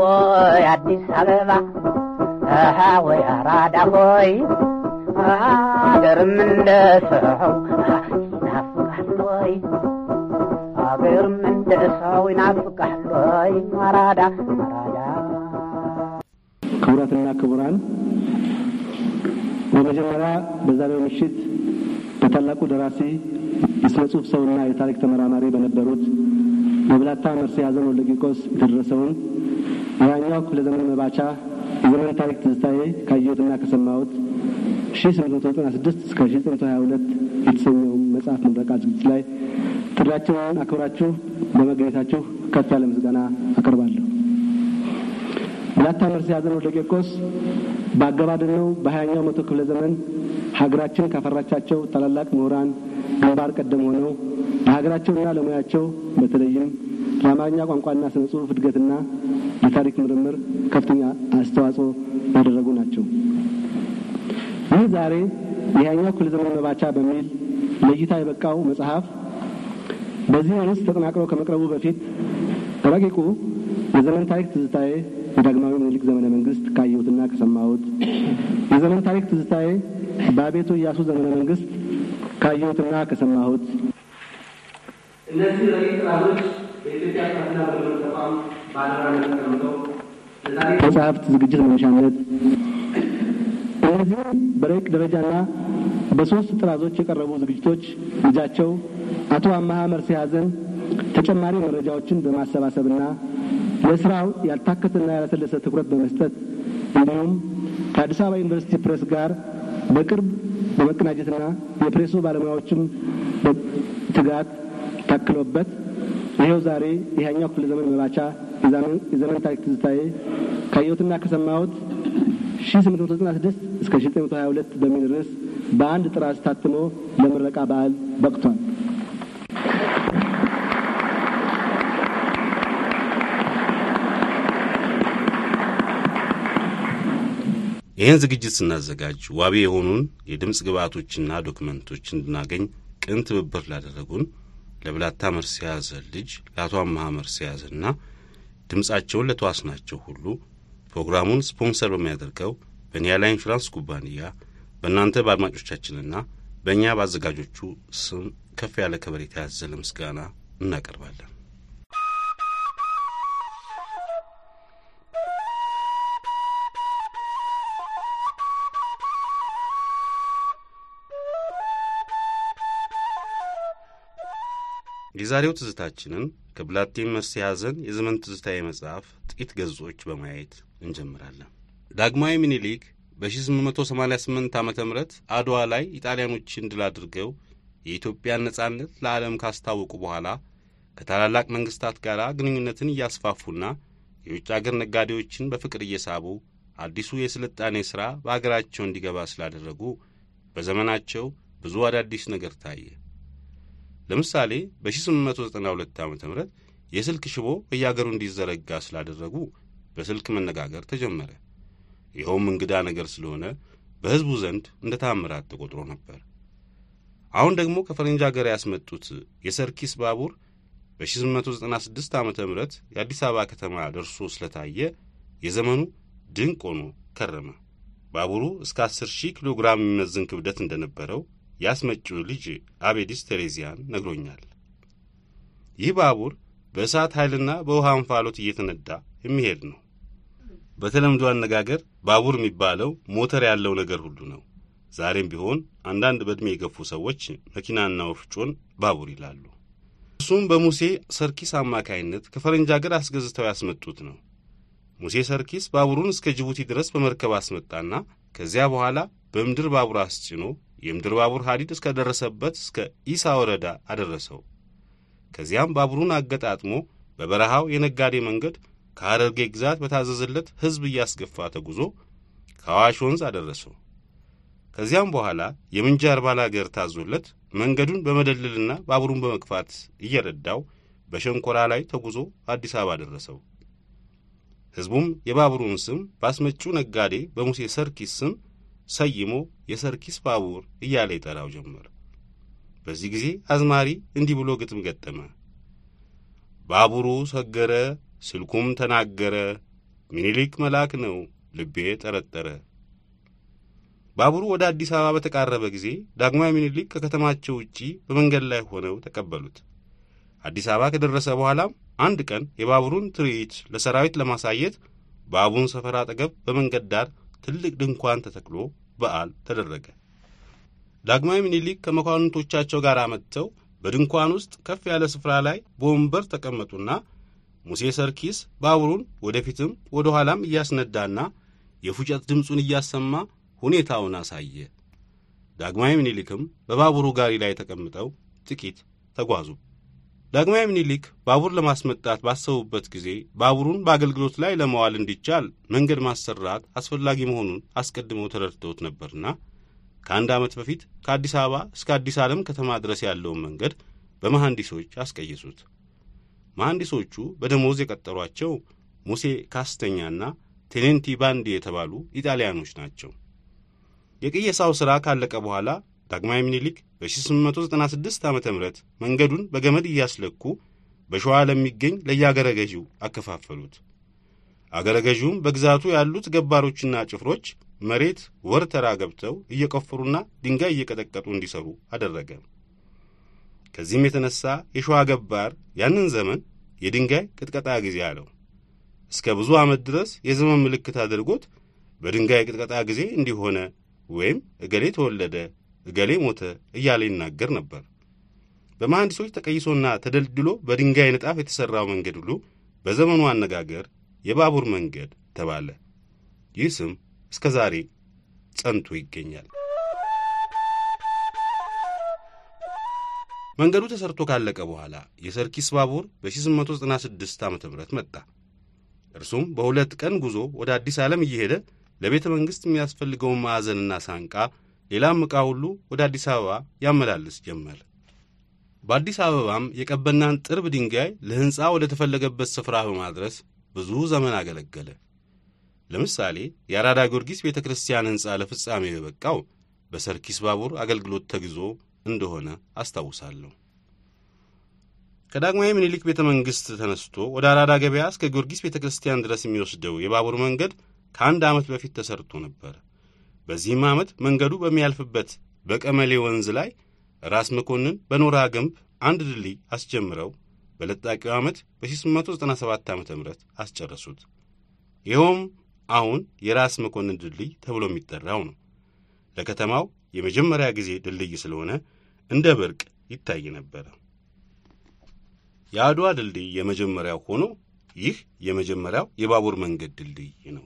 ወይ አዲስ አበባ ወይ አራዳ ሆይ አገርም እንደ ሰው ይናፍቃል ወይ አገርም እንደ ሰው ይናፍቃል ወይ አራዳ አራዳ ክቡራትና ክቡራን በመጀመሪያ በዛሬው ምሽት በታላቁ ደራሲ የሥነ ጽሑፍ ሰውና የታሪክ ተመራማሪ በነበሩት በብላታ መርስዔ ሐዘን ወልደጊዮርጊስ የተደረሰውን የሃያኛው ክፍለ ዘመን መባቻ የዘመን ታሪክ ትዝታዬ ካየሁትና ከሰማሁት 1896 እስከ 1922 የተሰኘው መጽሐፍ ምረቃ ዝግጅት ላይ ጥሪያቸውን አክብራችሁ በመገኘታችሁ ከፍ ያለ ምስጋና አቀርባለሁ። ብላታ መርሲ ሐዘን ወልደ ቂርቆስ በአገባደነው በሀያኛው መቶ ክፍለ ዘመን ሀገራችን ካፈራቻቸው ታላላቅ ምሁራን ግንባር ቀደም ሆነው ለሀገራቸውና ለሙያቸው በተለይም ለአማርኛ ቋንቋና ስነ ጽሁፍ እድገትና በታሪክ ምርምር ከፍተኛ አስተዋጽኦ ያደረጉ ናቸው። ይህ ዛሬ የሃያኛው ክፍለ ዘመን መባቻ በሚል ለእይታ የበቃው መጽሐፍ በዚህ ርዕስ ተጠናቅሮ ከመቅረቡ በፊት ረቂቁ የዘመን ታሪክ ትዝታዬ የዳግማዊ ምኒልክ ዘመነ መንግስት ካየሁትና ከሰማሁት፣ የዘመን ታሪክ ትዝታዬ በአቤቱ እያሱ ዘመነ መንግስት ካየሁትና ከሰማሁት እነዚህ ረቂቅ ጥናቶች በኢትዮጵያ ጥናትና ምርምር ተቋም መጽሐፍት ዝግጅት መነሻነት እነዚህም በረቂቅ ደረጃና በሶስት ጥራዞች የቀረቡ ዝግጅቶች ልጃቸው አቶ አመሀ መርሲ ሀዘን ተጨማሪ መረጃዎችን በማሰባሰብና ለስራው ያልታከተና ያላሰለሰ ትኩረት በመስጠት እንዲሁም ከአዲስ አበባ ዩኒቨርሲቲ ፕሬስ ጋር በቅርብ በመቀናጀትና የፕሬሱ ባለሙያዎችም ትጋት ታክሎበት ይኸው ዛሬ ይህኛው ክፍለ ዘመን መባቻ የዘመን ታሪክ ትዝታዬ ካየሁትና ከሰማሁት 1896 እስከ 1922 በሚል ርዕስ በአንድ ጥራት ታትሞ ለምረቃ በዓል በቅቷል። ይህን ዝግጅት ስናዘጋጅ ዋቢ የሆኑን የድምፅ ግብአቶችና ዶክመንቶች እንድናገኝ ቅን ትብብር ላደረጉን ለብላታ መርስ ያዘ ልጅ ለአቶ መርስ መርስዔ ያዘና ድምፃቸውን ለተዋስናቸው ሁሉ ፕሮግራሙን ስፖንሰር በሚያደርገው በኒያላ ኢንሹራንስ ኩባንያ በእናንተ በአድማጮቻችንና በእኛ በአዘጋጆቹ ስም ከፍ ያለ ከበሬታ ያዘለ ምስጋና እናቀርባለን። የዛሬው ትዝታችንን ከብላቴን መስተያዘን የዘመን ትዝታዊ መጽሐፍ ጥቂት ገጾች በማየት እንጀምራለን። ዳግማዊ ሚኒሊክ በ1888 ዓ ም አድዋ ላይ ኢጣሊያኖችን ድል አድርገው የኢትዮጵያን ነጻነት ለዓለም ካስታወቁ በኋላ ከታላላቅ መንግሥታት ጋር ግንኙነትን እያስፋፉና የውጭ አገር ነጋዴዎችን በፍቅር እየሳቡ አዲሱ የሥልጣኔ ሥራ በአገራቸው እንዲገባ ስላደረጉ በዘመናቸው ብዙ አዳዲስ ነገር ታየ። ለምሳሌ በ1892 ዓ ም የስልክ ሽቦ በየአገሩ እንዲዘረጋ ስላደረጉ በስልክ መነጋገር ተጀመረ። ይኸውም እንግዳ ነገር ስለሆነ በሕዝቡ ዘንድ እንደ ታምራት ተቆጥሮ ነበር። አሁን ደግሞ ከፈረንጅ አገር ያስመጡት የሰርኪስ ባቡር በ1896 ዓ ም የአዲስ አበባ ከተማ ደርሶ ስለታየ የዘመኑ ድንቅ ሆኖ ከረመ። ባቡሩ እስከ 10 ሺህ ኪሎ ግራም የሚመዝን ክብደት እንደነበረው ያስመጪው ልጅ አቤዲስ ቴሬዚያን ነግሮኛል። ይህ ባቡር በእሳት ኃይልና በውሃ እንፋሎት እየተነዳ የሚሄድ ነው። በተለምዶ አነጋገር ባቡር የሚባለው ሞተር ያለው ነገር ሁሉ ነው። ዛሬም ቢሆን አንዳንድ በዕድሜ የገፉ ሰዎች መኪናና ወፍጮን ባቡር ይላሉ። እሱም በሙሴ ሰርኪስ አማካይነት ከፈረንጅ አገር አስገዝተው ያስመጡት ነው። ሙሴ ሰርኪስ ባቡሩን እስከ ጅቡቲ ድረስ በመርከብ አስመጣና ከዚያ በኋላ በምድር ባቡር አስጭኖ የምድር ባቡር ሀዲድ እስከደረሰበት እስከ ኢሳ ወረዳ አደረሰው። ከዚያም ባቡሩን አገጣጥሞ በበረሃው የነጋዴ መንገድ ከሐረርጌ ግዛት በታዘዘለት ሕዝብ እያስገፋ ተጉዞ ከአዋሽ ወንዝ አደረሰው። ከዚያም በኋላ የምንጃር ባላገር ታዞለት መንገዱን በመደለልና ባቡሩን በመግፋት እየረዳው በሸንኮራ ላይ ተጉዞ አዲስ አበባ ደረሰው። ሕዝቡም የባቡሩን ስም በአስመጪው ነጋዴ በሙሴ ሰርኪስ ስም ሰይሞ የሰርኪስ ባቡር እያለ ይጠራው ጀመር። በዚህ ጊዜ አዝማሪ እንዲህ ብሎ ግጥም ገጠመ። ባቡሩ ሰገረ፣ ስልኩም ተናገረ፣ ሚኒሊክ መልአክ ነው ልቤ ጠረጠረ። ባቡሩ ወደ አዲስ አበባ በተቃረበ ጊዜ ዳግማዊ ሚኒሊክ ከከተማቸው ውጪ በመንገድ ላይ ሆነው ተቀበሉት። አዲስ አበባ ከደረሰ በኋላም አንድ ቀን የባቡሩን ትርኢት ለሰራዊት ለማሳየት ባቡን ሰፈር አጠገብ በመንገድ ዳር ትልቅ ድንኳን ተተክሎ በዓል ተደረገ። ዳግማዊ ምኒልክ ከመኳንንቶቻቸው ጋር መጥተው በድንኳን ውስጥ ከፍ ያለ ስፍራ ላይ በወንበር ተቀመጡና ሙሴ ሰርኪስ ባቡሩን ወደፊትም ወደ ኋላም እያስነዳና የፉጨት ድምፁን እያሰማ ሁኔታውን አሳየ። ዳግማዊ ምኒልክም በባቡሩ ጋሪ ላይ ተቀምጠው ጥቂት ተጓዙ። ዳግማዊ ምኒልክ ባቡር ለማስመጣት ባሰቡበት ጊዜ ባቡሩን በአገልግሎት ላይ ለመዋል እንዲቻል መንገድ ማሰራት አስፈላጊ መሆኑን አስቀድመው ተረድተውት ነበርና ከአንድ ዓመት በፊት ከአዲስ አበባ እስከ አዲስ ዓለም ከተማ ድረስ ያለውን መንገድ በመሐንዲሶች አስቀየሱት። መሐንዲሶቹ በደሞዝ የቀጠሯቸው ሙሴ ካስተኛና ቴኔንቲ ባንዲ የተባሉ ኢጣሊያኖች ናቸው። የቅየሳው ሥራ ካለቀ በኋላ ዳግማዊ ምኒልክ በ1896 ዓ ም መንገዱን በገመድ እያስለኩ በሸዋ ለሚገኝ ለየአገረ ገዢው አከፋፈሉት። አገረ ገዢውም በግዛቱ ያሉት ገባሮችና ጭፍሮች መሬት ወርተራ ገብተው እየቆፈሩና ድንጋይ እየቀጠቀጡ እንዲሰሩ አደረገ። ከዚህም የተነሳ የሸዋ ገባር ያንን ዘመን የድንጋይ ቅጥቀጣ ጊዜ አለው። እስከ ብዙ ዓመት ድረስ የዘመን ምልክት አድርጎት በድንጋይ ቅጥቀጣ ጊዜ እንዲሆነ ወይም እገሌ ተወለደ እገሌ ሞተ እያለ ይናገር ነበር። በመሐንዲሶች ተቀይሶና ተደልድሎ በድንጋይ ንጣፍ የተሠራው መንገድ ሁሉ በዘመኑ አነጋገር የባቡር መንገድ ተባለ። ይህ ስም እስከ ዛሬ ጸንቶ ይገኛል። መንገዱ ተሰርቶ ካለቀ በኋላ የሰርኪስ ባቡር በ1896 ዓ ም መጣ። እርሱም በሁለት ቀን ጉዞ ወደ አዲስ ዓለም እየሄደ ለቤተ መንግሥት የሚያስፈልገውን ማዕዘንና ሳንቃ ሌላም ዕቃ ሁሉ ወደ አዲስ አበባ ያመላልስ ጀመር። በአዲስ አበባም የቀበናን ጥርብ ድንጋይ ለሕንፃ ወደ ተፈለገበት ስፍራ በማድረስ ብዙ ዘመን አገለገለ። ለምሳሌ የአራዳ ጊዮርጊስ ቤተ ክርስቲያን ሕንፃ ለፍጻሜ የበቃው በሰርኪስ ባቡር አገልግሎት ተግዞ እንደሆነ አስታውሳለሁ። ከዳግማዊ ምኒልክ ቤተ መንግሥት ተነስቶ ወደ አራዳ ገበያ እስከ ጊዮርጊስ ቤተ ክርስቲያን ድረስ የሚወስደው የባቡር መንገድ ከአንድ ዓመት በፊት ተሰርቶ ነበር። በዚህም ዓመት መንገዱ በሚያልፍበት በቀመሌ ወንዝ ላይ ራስ መኮንን በኖራ ግንብ አንድ ድልድይ አስጀምረው በለጣቂው ዓመት በ697 ዓ ም አስጨረሱት። ይኸውም አሁን የራስ መኮንን ድልድይ ተብሎ የሚጠራው ነው። ለከተማው የመጀመሪያ ጊዜ ድልድይ ስለሆነ እንደ ብርቅ ይታይ ነበረ። የአድዋ ድልድይ የመጀመሪያው ሆኖ ይህ የመጀመሪያው የባቡር መንገድ ድልድይ ነው።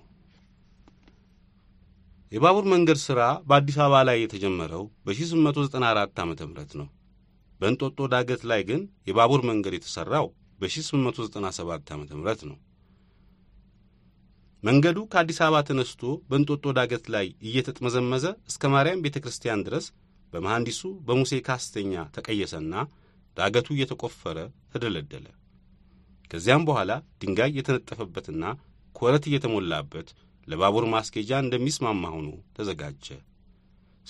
የባቡር መንገድ ሥራ በአዲስ አበባ ላይ የተጀመረው በ1894 ዓ ም ነው። በእንጦጦ ዳገት ላይ ግን የባቡር መንገድ የተሠራው በ1897 ዓ ም ነው። መንገዱ ከአዲስ አበባ ተነስቶ በእንጦጦ ዳገት ላይ እየተጥመዘመዘ እስከ ማርያም ቤተ ክርስቲያን ድረስ በመሐንዲሱ በሙሴ ካስተኛ ተቀየሰና ዳገቱ እየተቆፈረ ተደለደለ። ከዚያም በኋላ ድንጋይ የተነጠፈበትና ኮረት እየተሞላበት ለባቡር ማስኬጃ እንደሚስማማ ሆኖ ተዘጋጀ።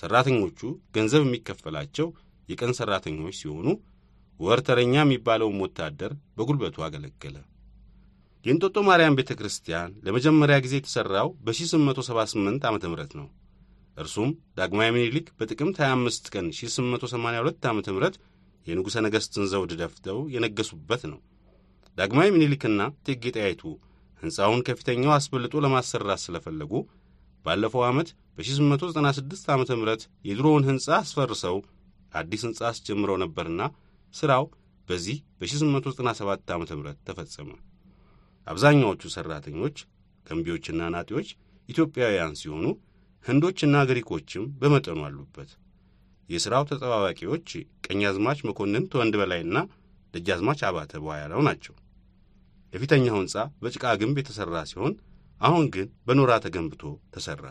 ሠራተኞቹ ገንዘብ የሚከፈላቸው የቀን ሠራተኞች ሲሆኑ ወርተረኛ የሚባለውን ወታደር በጉልበቱ አገለገለ። የእንጦጦ ማርያም ቤተ ክርስቲያን ለመጀመሪያ ጊዜ የተሠራው በ1878 ዓ ም ነው። እርሱም ዳግማዊ ምኒልክ በጥቅምት 25 ቀን 1882 ዓ ም የንጉሠ ነገሥትን ዘውድ ደፍተው የነገሱበት ነው። ዳግማዊ ምኒልክና እቴጌ ጣይቱ ሕንፃውን ከፊተኛው አስበልጦ ለማሰራት ስለፈለጉ ባለፈው ዓመት በ1896 ዓ ም የድሮውን ሕንፃ አስፈርሰው አዲስ ሕንፃ አስጀምረው ነበርና ሥራው በዚህ በ1897 ዓ ም ተፈጸመ። አብዛኛዎቹ ሠራተኞች ገንቢዎችና ናጢዎች ኢትዮጵያውያን ሲሆኑ ህንዶችና ግሪኮችም በመጠኑ አሉበት። የሥራው ተጠባባቂዎች ቀኛዝማች መኮንን ተወንድ በላይና ደጃዝማች አባተ በኋያለው ናቸው። የፊተኛው ሕንፃ በጭቃ ግንብ የተሠራ ሲሆን አሁን ግን በኖራ ተገንብቶ ተሠራ።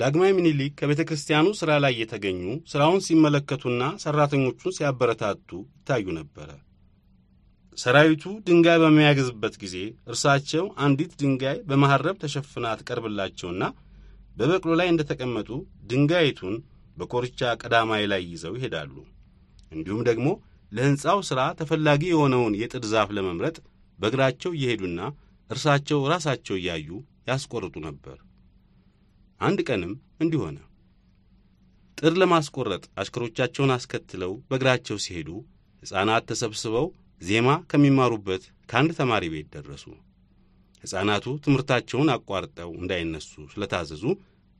ዳግማዊ ምኒልክ ከቤተ ክርስቲያኑ ሥራ ላይ የተገኙ ሥራውን ሲመለከቱና ሠራተኞቹን ሲያበረታቱ ይታዩ ነበረ። ሰራዊቱ ድንጋይ በሚያገዝበት ጊዜ እርሳቸው አንዲት ድንጋይ በመሐረብ ተሸፍና ትቀርብላቸውና በበቅሎ ላይ እንደተቀመጡ ድንጋይቱን በኮርቻ ቀዳማይ ላይ ይዘው ይሄዳሉ። እንዲሁም ደግሞ ለሕንፃው ሥራ ተፈላጊ የሆነውን የጥድ ዛፍ ለመምረጥ በእግራቸው እየሄዱና እርሳቸው ራሳቸው እያዩ ያስቆርጡ ነበር። አንድ ቀንም እንዲህ ሆነ። ጥር ለማስቆረጥ አሽከሮቻቸውን አስከትለው በእግራቸው ሲሄዱ ሕፃናት ተሰብስበው ዜማ ከሚማሩበት ከአንድ ተማሪ ቤት ደረሱ። ሕፃናቱ ትምህርታቸውን አቋርጠው እንዳይነሱ ስለታዘዙ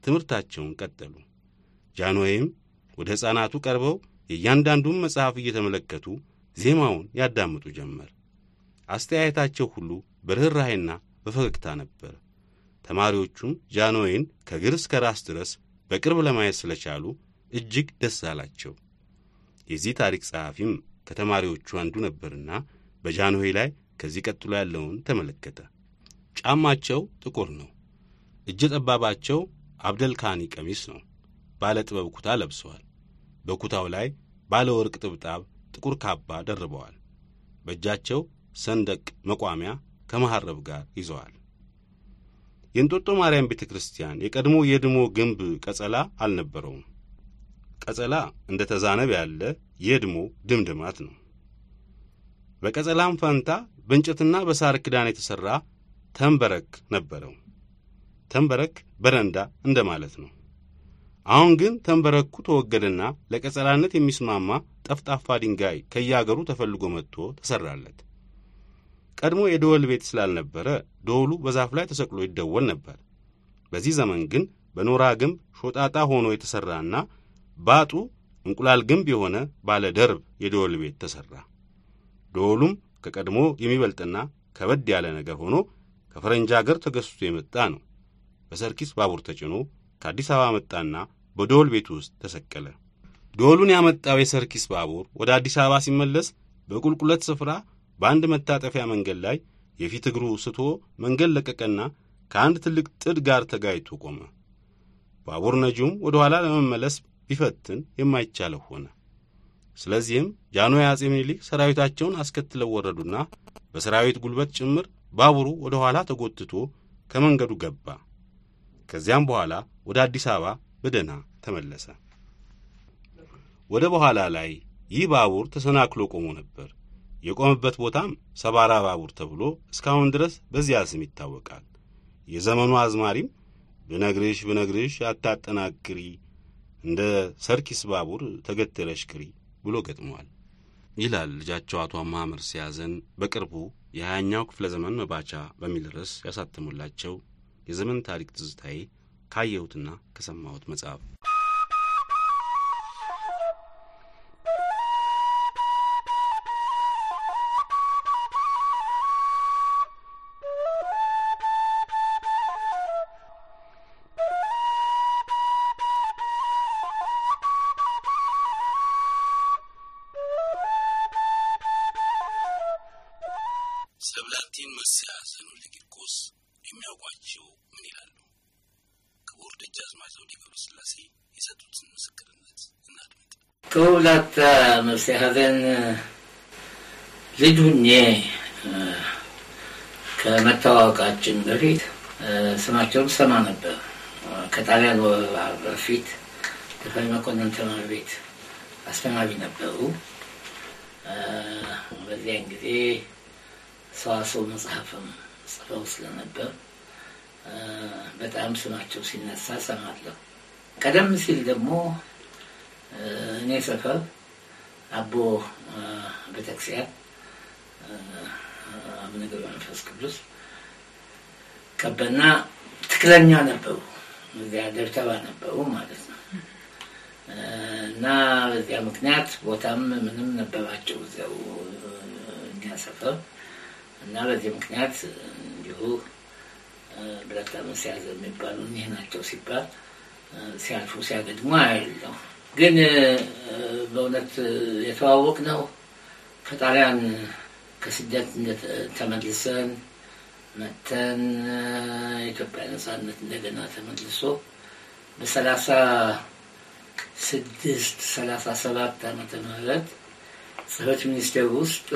ትምህርታቸውን ቀጠሉ። ጃንሆይም ወደ ሕፃናቱ ቀርበው የእያንዳንዱን መጽሐፍ እየተመለከቱ ዜማውን ያዳምጡ ጀመር። አስተያየታቸው ሁሉ በርኅራኄና በፈገግታ ነበር። ተማሪዎቹም ጃንሆይን ከግር እስከ ራስ ድረስ በቅርብ ለማየት ስለቻሉ እጅግ ደስ አላቸው። የዚህ ታሪክ ጸሐፊም ከተማሪዎቹ አንዱ ነበርና በጃንሆይ ላይ ከዚህ ቀጥሎ ያለውን ተመለከተ። ጫማቸው ጥቁር ነው። እጀ ጠባባቸው አብደልካኒ ቀሚስ ነው። ባለ ጥበብ ኩታ ለብሰዋል። በኩታው ላይ ባለ ወርቅ ጥብጣብ ጥቁር ካባ ደርበዋል። በእጃቸው ሰንደቅ መቋሚያ ከመሐረብ ጋር ይዘዋል። የእንጦጦ ማርያም ቤተ ክርስቲያን የቀድሞ የድሞ ግንብ ቀጸላ አልነበረውም። ቀጸላ እንደ ተዛነብ ያለ የድሞ ድምድማት ነው። በቀጸላም ፈንታ በእንጨትና በሳር ክዳን የተሠራ ተንበረክ ነበረው። ተንበረክ በረንዳ እንደማለት ነው። አሁን ግን ተንበረኩ ተወገደና ለቀጸላነት የሚስማማ ጠፍጣፋ ድንጋይ ከየአገሩ ተፈልጎ መጥቶ ተሠራለት። ቀድሞ የደወል ቤት ስላልነበረ ደወሉ በዛፍ ላይ ተሰቅሎ ይደወል ነበር። በዚህ ዘመን ግን በኖራ ግንብ ሾጣጣ ሆኖ የተሠራና ባጡ እንቁላል ግንብ የሆነ ባለ ደርብ የደወል ቤት ተሠራ። ደወሉም ከቀድሞ የሚበልጥና ከበድ ያለ ነገር ሆኖ ከፈረንጅ አገር ተገዝቶ የመጣ ነው። በሰርኪስ ባቡር ተጭኖ ከአዲስ አበባ መጣና በደወል ቤቱ ውስጥ ተሰቀለ። ደወሉን ያመጣው የሰርኪስ ባቡር ወደ አዲስ አበባ ሲመለስ በቁልቁለት ስፍራ በአንድ መታጠፊያ መንገድ ላይ የፊት እግሩ ስቶ መንገድ ለቀቀና ከአንድ ትልቅ ጥድ ጋር ተጋይቶ ቆመ። ባቡር ነጂውም ወደ ኋላ ለመመለስ ቢፈትን የማይቻለው ሆነ። ስለዚህም ጃንሆይ አጼ ምኒልክ ሰራዊታቸውን አስከትለው ወረዱና በሰራዊት ጉልበት ጭምር ባቡሩ ወደ ኋላ ተጎትቶ ከመንገዱ ገባ። ከዚያም በኋላ ወደ አዲስ አበባ በደህና ተመለሰ። ወደ በኋላ ላይ ይህ ባቡር ተሰናክሎ ቆሞ ነበር። የቆመበት ቦታም ሰባራ ባቡር ተብሎ እስካሁን ድረስ በዚያ ስም ይታወቃል። የዘመኑ አዝማሪም ብነግርሽ ብነግርሽ አታጠናቅሪ እንደ ሰርኪስ ባቡር ተገትረሽ ቅሪ ብሎ ገጥመዋል ይላል ልጃቸው አቶ አማምር ሲያዘን በቅርቡ የሀያኛው ክፍለ ዘመን መባቻ በሚል ርዕስ ያሳተሙላቸው የዘመን ታሪክ ትዝታዬ ካየሁትና ከሰማሁት መጽሐፍ ጥሩ ላታ መፍትሄ ሀዘን ልጅ ሁኜ ከመታወቃችን በፊት ስማቸውን ሰማ ነበር። ከጣሊያን በፊት ተፈሪ መኮንን ትምህርት ቤት አስተማሪ ነበሩ። በዚያን ጊዜ ሰዋሰው መጽሐፍም ጽፈው ስለነበር በጣም ስማቸው ሲነሳ ሰማለሁ። ቀደም ሲል ደግሞ እኔ ሰፈር አቦ ቤተክርስቲያን አቡነ ገብረ መንፈስ ቅዱስ ቀበና ትክለኛ ነበሩ። እዚያ ደብተባ ነበሩ ማለት ነው። እና በዚያ ምክንያት ቦታም ምንም ነበራቸው እዚያው እኛ ሰፈር እና በዚህ ምክንያት እንዲሁ ብረት ለመስ የሚባሉ እኒህ ናቸው ሲባል ሲያልፉ ሲያገድሙ አያለው ግን በእውነት የተዋወቅ ነው ከጣሊያን ከስደት ተመልሰን መተን የኢትዮጵያ ነጻነት እንደገና ተመልሶ በሰላሳ ስድስት ሰላሳ ሰባት ዓመተ ምህረት ጽህፈት ሚኒስቴር ውስጥ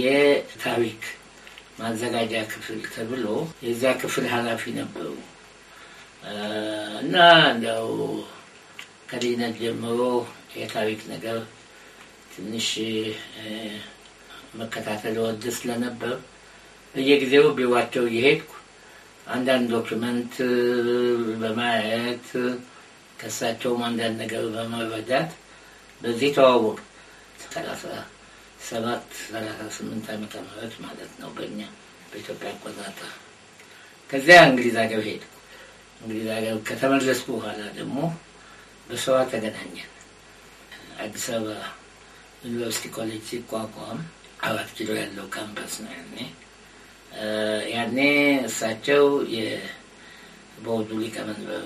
የታሪክ ማዘጋጃ ክፍል ተብሎ የዚያ ክፍል ኃላፊ ነበሩ እና እንዲያው ከልጅነት ጀምሮ የታሪክ ነገር ትንሽ መከታተል ወድ ስለነበር በየጊዜው ቢሯቸው እየሄድኩ አንዳንድ ዶክመንት በማየት ከእሳቸውም አንዳንድ ነገር በመረዳት በዚህ ተዋወቅ ሰላሳ ሰባት ሰላሳ ስምንት ዓመተ ምህረት ማለት ነው በእኛ በኢትዮጵያ አቆጣጠር። ከዚያ እንግሊዝ ሀገር ሄድኩ። እንግሊዝ ሀገር ከተመለስኩ በኋላ ደግሞ በሰዋ ተገናኘን። አዲስ አበባ ዩኒቨርሲቲ ኮሌጅ ሲቋቋም አራት ኪሎ ያለው ካምፐስ ነው። ያኔ ያኔ እሳቸው የቦርዱ ሊቀመንበር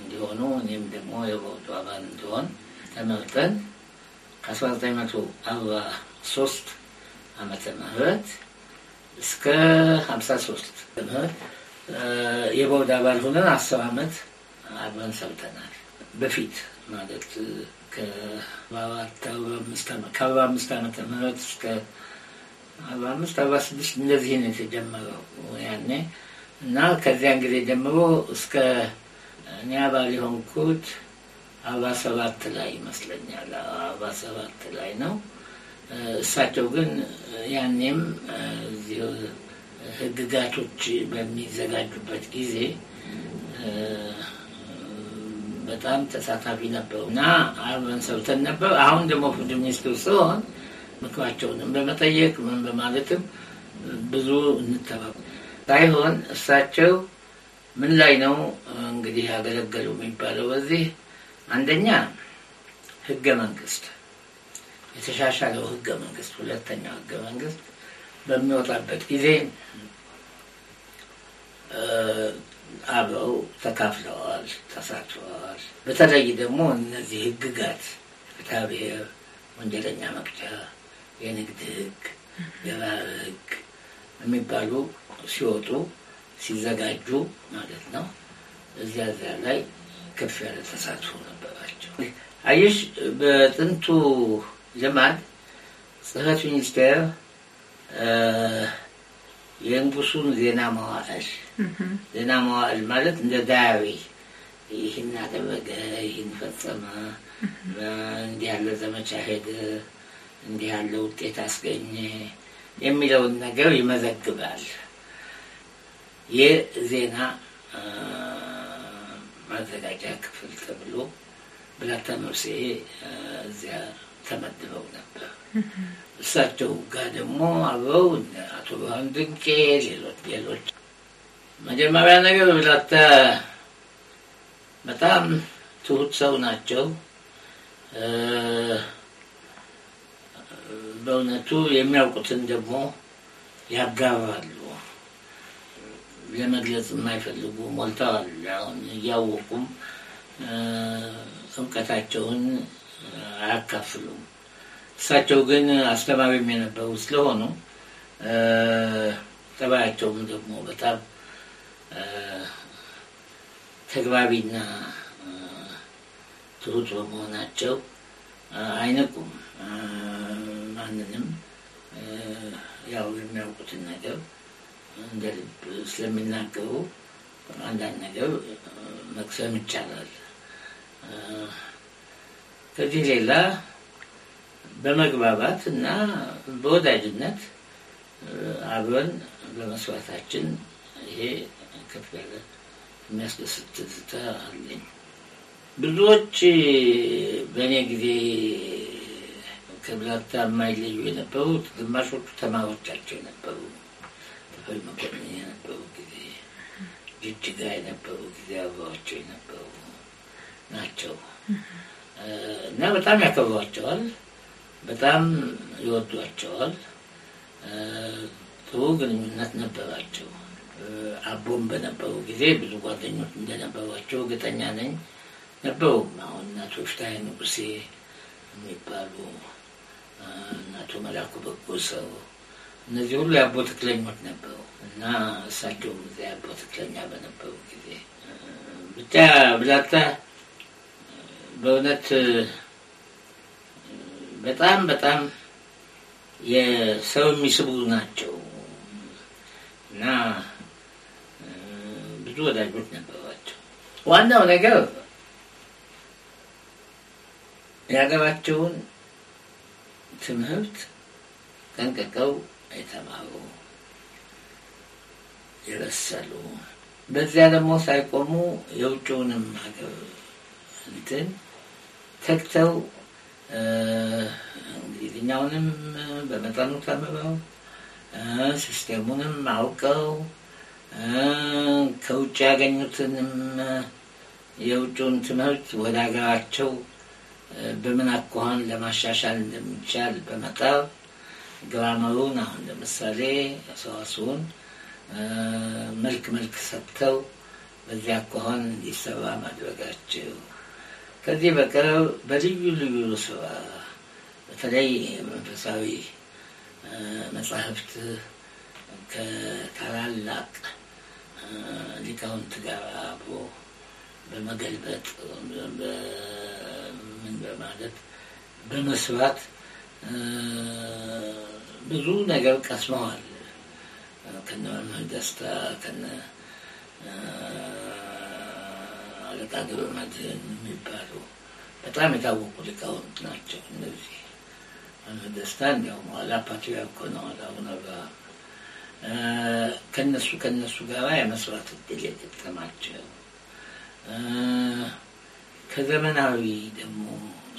እንዲሆኑ እኔም ደግሞ የቦርዱ አባል እንዲሆን ተመርጠን ከአስራ ዘጠኝ መቶ አርባ ሶስት አመተ ምህረት እስከ ሀምሳ ሶስት ምህረት የቦርድ አባል ሆነን አስር አመት አብረን ሰርተናል። በፊት ማለት ከአርባ አምስት ዓመተ ምህረት እስከ አርባ አምስት አርባ ስድስት እንደዚህ ነው የተጀመረው ያኔ እና ከዚያን ጊዜ ጀምሮ እስከ እኔ አባል የሆንኩት አርባ ሰባት ላይ ይመስለኛል አርባ ሰባት ላይ ነው። እሳቸው ግን ያኔም እዚሁ ህግጋቶች በሚዘጋጁበት ጊዜ በጣም ተሳታፊ ነበሩ እና አርበን ሰብተን ነበር። አሁን ደግሞ ፍርድ ሚኒስትር ሲሆን ምክራቸውንም በመጠየቅ ምን በማለትም ብዙ እንተባበ ሳይሆን እሳቸው ምን ላይ ነው እንግዲህ ያገለገሉ የሚባለው በዚህ አንደኛ ህገ መንግስት የተሻሻለው ህገ መንግስት ሁለተኛው ህገ መንግስት በሚወጣበት ጊዜ አበው ተካፍለዋል፣ ተሳትፈዋል። በተለይ ደግሞ እነዚህ ህግጋት ፍትሐብሔር፣ ወንጀለኛ መቅጫ፣ የንግድ ህግ፣ የባር ህግ የሚባሉ ሲወጡ ሲዘጋጁ ማለት ነው እዚያ እዚያ ላይ ከፍ ያለ ተሳትፎ ነበራቸው። አየሽ በጥንቱ ልማድ ጽህፈት ሚኒስቴር የንጉሱን ዜና መዋዕል ዜና መዋዕል ማለት እንደ ዳያዊ ይህን አደረገ፣ ይህን ፈጸመ፣ እንዲህ ያለ ዘመቻ ሄደ፣ እንዲህ ያለ ውጤት አስገኘ የሚለውን ነገር ይመዘግባል። የዜና ማዘጋጃ ክፍል ተብሎ ብላታ መብስኤ እዚያ ተመድበው ነበር። እሳቸው ጋር ደግሞ አበው አቶ ብርሃኑ ድንቄ፣ ሌሎች ሌሎች መጀመሪያ ነገር ብላተ በጣም ትሁት ሰው ናቸው። በእውነቱ የሚያውቁትን ደግሞ ያጋራሉ። ለመግለጽ የማይፈልጉ ሞልተዋል። አሁን እያወቁም እውቀታቸውን አያካፍሉም። እሳቸው ግን አስተማሪም የነበሩ ስለሆኑ ጠባያቸውም ደግሞ በጣም ተግባቢና ትሁት በመሆናቸው አይነቁም። ማንንም ያው የሚያውቁትን ነገር እንደ ልብ ስለሚናገሩ አንዳንድ ነገር መቅሰም ይቻላል። ከዚህ ሌላ በመግባባት እና በወዳጅነት አብረን በመስዋዕታችን ይሄ ከፍ ያለ የሚያስደስት ትዝታ አለኝ። ብዙዎች በእኔ ጊዜ ከብላታ የማይለዩ የነበሩት ግማሾቹ ተማሪዎቻቸው የነበሩ ተፈሪ መኮንን የነበሩ ጊዜ ጅጅጋ የነበሩ ጊዜ አብረዋቸው የነበሩ ናቸው እና በጣም ያከብሯቸዋል። በጣም ይወዷቸዋል። ጥሩ ግንኙነት ነበራቸው። አቦም በነበሩ ጊዜ ብዙ ጓደኞች እንደነበሯቸው እርግጠኛ ነኝ። ነበሩም አሁን እናቶ ሽታይ ንጉሴ የሚባሉ እናቶ መላኩ በጎ ሰው እነዚህ ሁሉ የአቦ ትክክለኞች ነበሩ እና እሳቸው ጊዜ የአቦ ትክለኛ በነበሩ ጊዜ ብቻ ብላታ በእውነት በጣም በጣም የሰው የሚስቡ ናቸው እና ብዙ ወዳጆች ነበሯቸው። ዋናው ነገር የሀገራቸውን ትምህርት ጠንቅቀው የተማሩ የበሰሉ፣ በዚያ ደግሞ ሳይቆሙ የውጭውንም ሀገር እንትን ተግተው እንግሊዝኛውንም በመጠኑ ተምረው ሲስቴሙንም አውቀው ከውጭ ያገኙትንም የውጭውን ትምህርት ወደ ሀገራቸው በምን አኳኋን ለማሻሻል እንደሚቻል በመጠር ግራመሩን አሁን ለምሳሌ ሰዋስውን መልክ መልክ ሰጥተው በዚያ አኳኋን እንዲሰራ ማድረጋቸው ከዚህ በቀረብ በልዩ ልዩ በተለይ መንፈሳዊ መጽሐፍት ከታላላቅ ሊቃውንት ጋር አብሮ በመገልበጥ ምን በማለት በመስባት ብዙ ነገር ቀስመዋል። ከነ መምህር ደስታ ከነ አለቃ ገብረ የሚባሉ በጣም የታወቁ ሊቃውንት ናቸው። እነዚህ ደስታ እንዲያውም ኋላ ፓትርያርክ ሆነዋል። አቡነ አብርሃ ከነሱ ከነሱ ጋራ የመስራት እድል የገጠማቸው ከዘመናዊ ደግሞ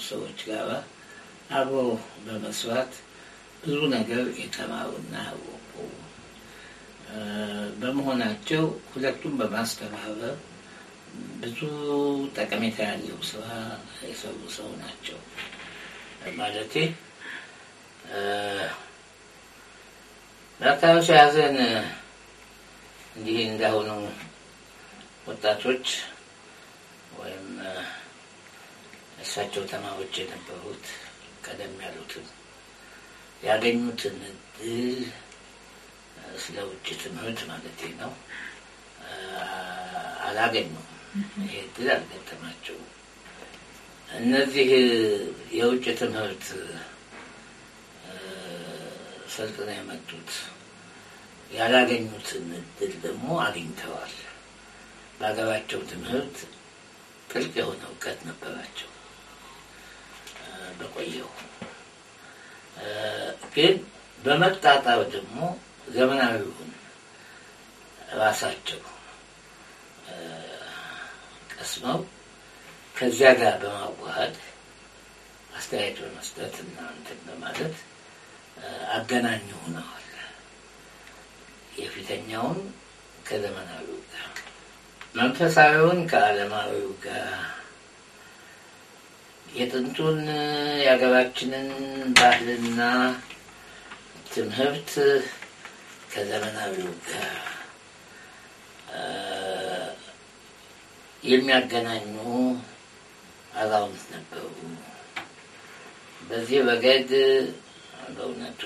ሰዎች ጋራ አብሮ በመስራት ብዙ ነገር የተማሩና ያወቁ በመሆናቸው ሁለቱም በማስተባበር ብዙ ጠቀሜታ ያለው ስራ የሰሩ ሰው ናቸው። ማለቴ ላታዮስ የያዘን እንዲህ እንዳሁኑ ወጣቶች ወይም እሳቸው ተማሪዎች የነበሩት ቀደም ያሉትን ያገኙትን እድል ስለ ውጭ ትምህርት ማለት ነው አላገኙም። ይሄ እድል አልገጠማቸው። እነዚህ የውጭ ትምህርት ሰልጥነው የመጡት ያላገኙትን እድል ደግሞ አግኝተዋል። በሀገራቸው ትምህርት ጥልቅ የሆነ እውቀት ነበራቸው። በቆየው ግን በመጣጣር ደግሞ ዘመናዊውን ራሳቸው የጠቀስነው ከዚያ ጋር በማዋሃድ አስተያየት በመስጠት እና እንትን በማለት አገናኝ ሆነዋል። የፊተኛውን ከዘመናዊው ጋር፣ መንፈሳዊውን ከዓለማዊው ጋር፣ የጥንቱን የሀገራችንን ባህልና ትምህርት ከዘመናዊው ጋር የሚያገናኙ አዛውንት ነበሩ። በዚህ በገድ በእውነቱ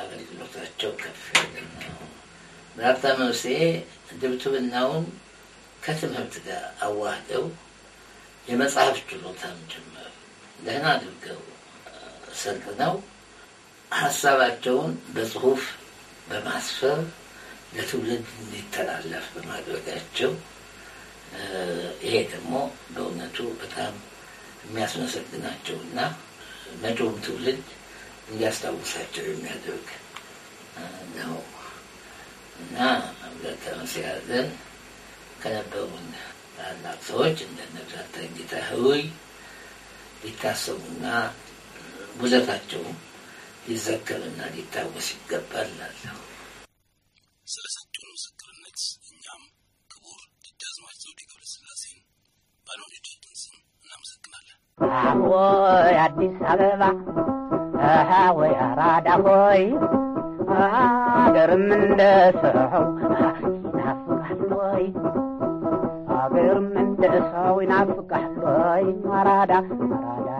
አገልግሎታቸው ከፍ ያለ ነው። ብራታ መውሴ ድብትብናውን ከትምህርት ጋር አዋህደው የመጽሐፍ ችሎታም ጭምር ደህና አድርገው ነው ሀሳባቸውን በጽሁፍ በማስፈር ለትውልድ እንዲተላለፍ በማድረጋቸው ይሄ ደግሞ በእውነቱ በጣም የሚያስመሰግናቸው እና መጪውም ትውልድ እንዲያስታውሳቸው የሚያደርግ ነው እና በተመሰያዘን ከነበሩን ታላቅ ሰዎች እንደነዛተ ጌታ ህውይ ሊታሰቡና ውለታቸውም ሊዘከርና ሊታወስ ይገባል ላለሁ ወይ አዲስ አበባ ወይ አራዳ ሆይ አገርም እንደ ሰው ይናፍቃል ወይ አገርም እንደ ሰው ይናፍቃል ወይ አራዳ አራዳ